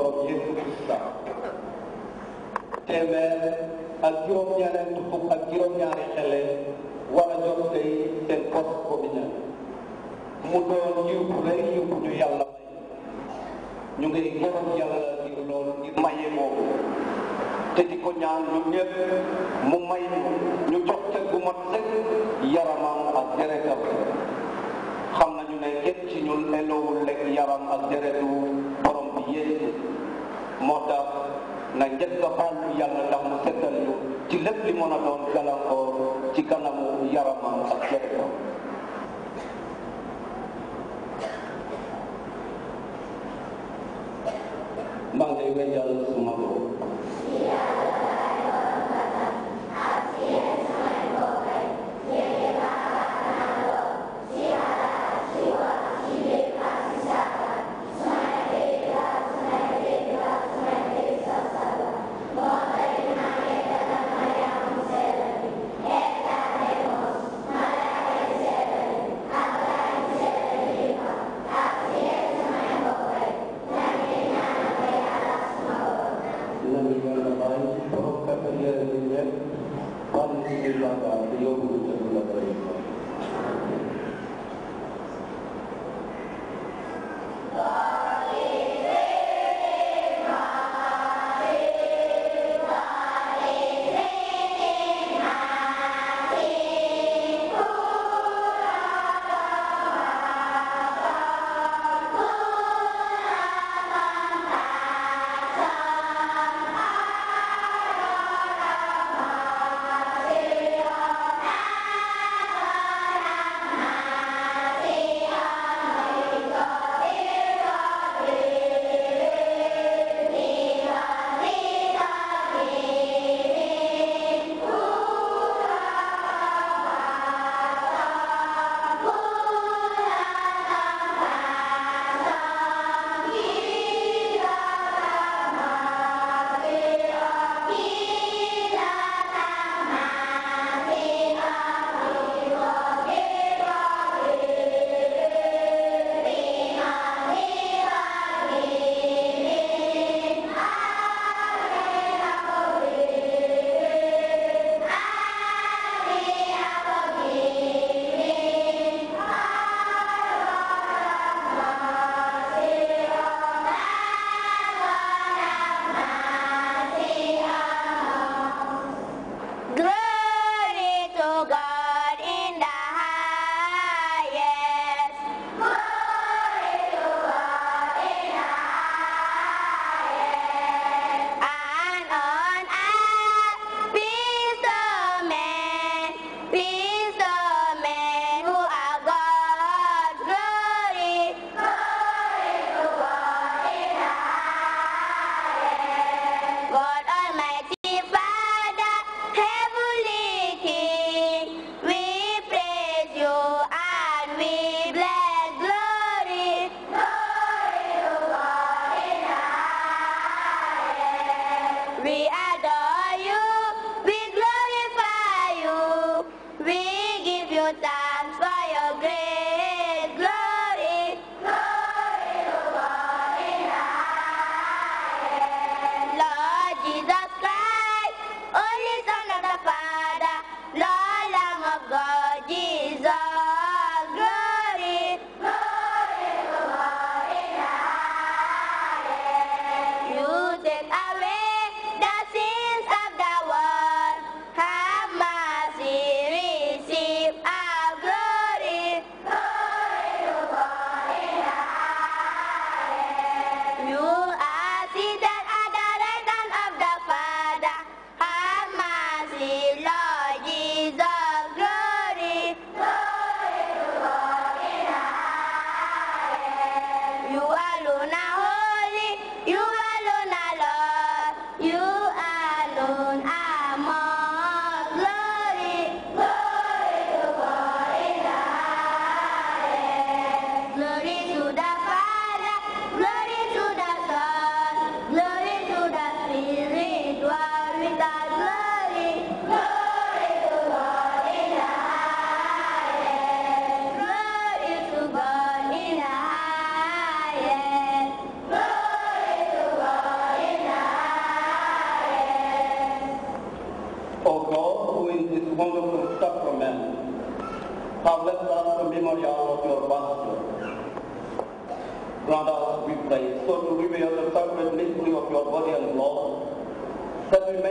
borom Yeesu Kirista téeméer ak juróom-ñaareel fukk ak juróom-ñaari xale war a jox tey seen poste communal mu doon yiw bu rëy yiw bu ñu yàlla ñu ngi gërëm yàlla loolu ngir maye boobu te di ko ñaan ñu ñëpp mu may ñu jox te bu mat yaramam ak deretam xam nañu ne képp ci ñun eloowul lekk yaram ak deretu borom bi Yeesu moo tax na njëkk a baalu yàlla ndax mu setal ñu ci lépp li mën a doon gàllankoor ci kanamu yaramam ak jërëjëf. maa ngi lay wéyal suma bopp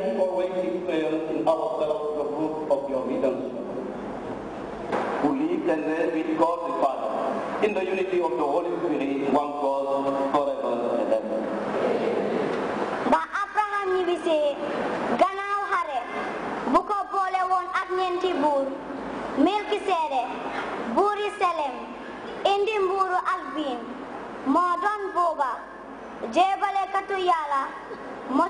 therefore waiting prayer in ourselves the root of your redemption, who lived and reigned with God the Father, in the unity of the Holy Spirit, one God, forever and ever. ba Abraham ñibbisee gannaaw xare bu ko boole woon ak ñeenti buur Melkiseede buuri Selem indi mbuuru Albin moo doon booba jéebalekatu Yàlla moo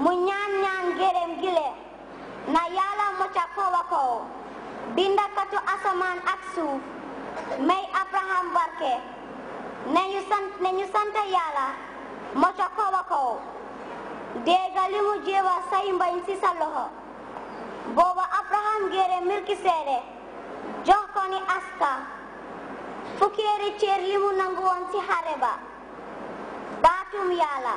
mu ñaan ñaan gërëm gile na yàlla mucca kowa kow bindakatu asamaan ak suuf may abraham barke ne ñu sant yàlla mucca kowa kow déega li mu jéewa say mbañ sa loxo booba abraham gërëm milki seede jox ko ni aska fukkeeri céer li mu nangu woon ci xare ba baatum yàlla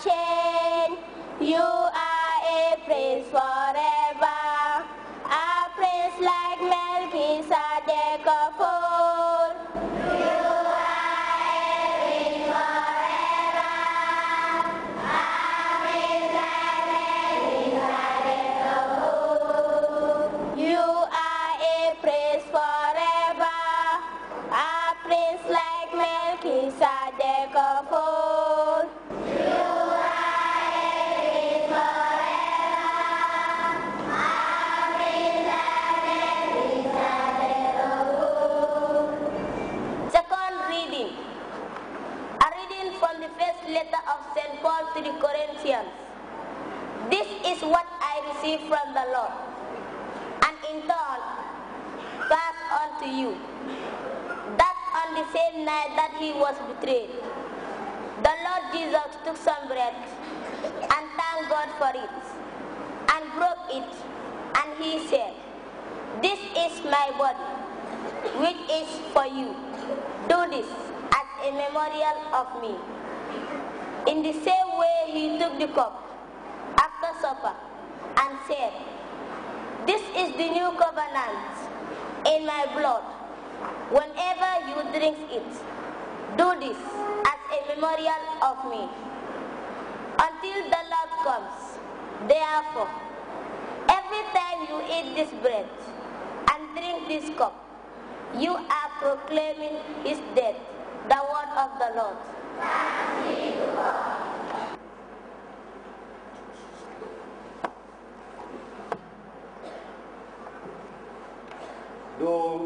Cheers. you that on the same night that he was betrayed, the Lord Jesus took some bread and thanked God for it and broke it and he said, This is my body which is for you. Do this as a memorial of me. In the same way he took the cup after supper and said, This is the new covenant in my blood whenever you drink it. Do this as a memorial of me. Until the Lord comes, therefore, every time you eat this bread and drink this cup, you are proclaiming his death, the word of the Lord. Yo